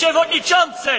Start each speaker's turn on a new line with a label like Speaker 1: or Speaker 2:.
Speaker 1: przewodniczący!